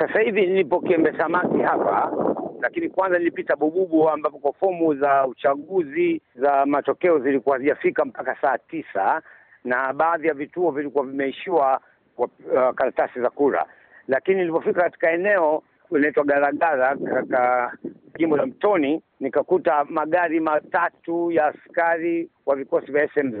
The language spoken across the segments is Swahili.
Sasa hivi nilipokiembe samaki hapa, lakini kwanza nilipita Bububu ambapo kwa fomu za uchaguzi za matokeo zilikuwa hazijafika mpaka saa tisa na baadhi ya vituo vilikuwa vimeishiwa kwa uh, karatasi za kura, lakini nilipofika katika eneo linaitwa Garagara katika jimbo la Mtoni nikakuta magari matatu ya askari wa vikosi vya SMZ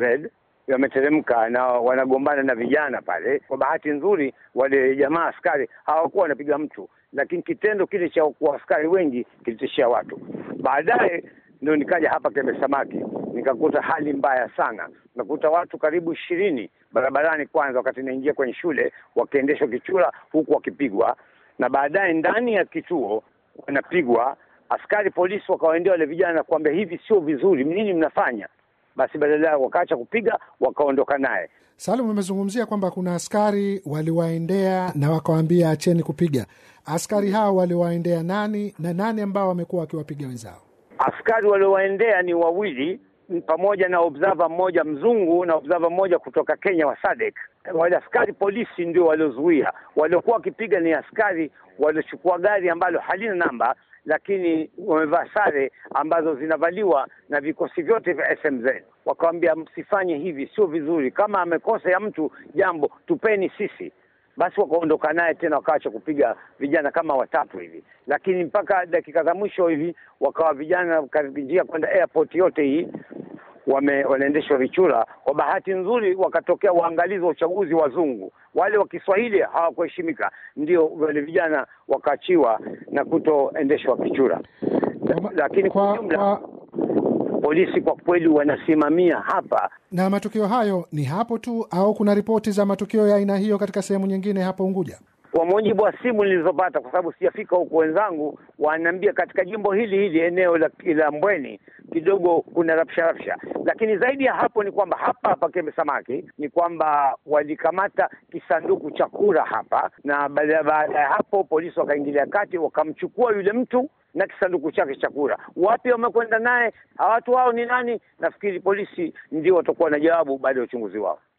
yameteremka na wanagombana na vijana pale. Kwa bahati nzuri, wale jamaa askari hawakuwa wanapiga mtu, lakini kitendo kile cha kuwa askari wengi kilitishia watu. Baadaye ndio nikaja hapa Kembe Samaki, nikakuta hali mbaya sana. Nakuta watu karibu ishirini barabarani, kwanza wakati naingia kwenye shule, wakiendeshwa kichura, huku wakipigwa, na baadaye ndani ya kituo wanapigwa. Askari polisi wakawaendea wale vijana na kuambia hivi sio vizuri, nini mnafanya? basi badala yao wakaacha kupiga wakaondoka naye. Salum, amezungumzia kwamba kuna askari waliwaendea na wakawaambia acheni kupiga. Askari hao waliwaendea nani na nani ambao wamekuwa wakiwapiga wenzao? Askari waliowaendea ni wawili pamoja na observer mmoja mzungu na observer mmoja kutoka Kenya wa SADC. Wale askari polisi ndio waliozuia. Waliokuwa wakipiga ni askari waliochukua gari ambalo halina namba lakini wamevaa sare ambazo zinavaliwa na vikosi vyote vya SMZ. Wakawambia msifanye hivi, sio vizuri. Kama amekosa ya mtu jambo, tupeni sisi basi wakaondoka naye tena, wakaacha kupiga vijana kama watatu hivi, lakini mpaka dakika za mwisho hivi wakawa vijana karibia kwenda airport yote hii, wanaendeshwa vichura. Kwa bahati nzuri, wakatokea waangalizi wa uchaguzi wazungu, wale wa Kiswahili hawakuheshimika, ndio wale vijana wakaachiwa na kutoendeshwa vichura. Lakini kwa jumla polisi kwa kweli wanasimamia hapa. Na matukio hayo ni hapo tu au kuna ripoti za matukio ya aina hiyo katika sehemu nyingine hapo Unguja? Kwa mujibu wa simu nilizopata, kwa sababu sijafika huko, wenzangu wananiambia katika jimbo hili hili eneo la, la Mbweni kidogo kuna rapsha rapsha, lakini zaidi ya hapo ni kwamba hapa hapa Kembe Samaki ni kwamba walikamata kisanduku cha kura hapa, na baada ya hapo polisi wakaingilia kati wakamchukua yule mtu na kisanduku chake cha kura. Wapi wamekwenda naye? hawatu wao ni nani? Nafikiri polisi ndio watakuwa na jawabu baada ya uchunguzi wao.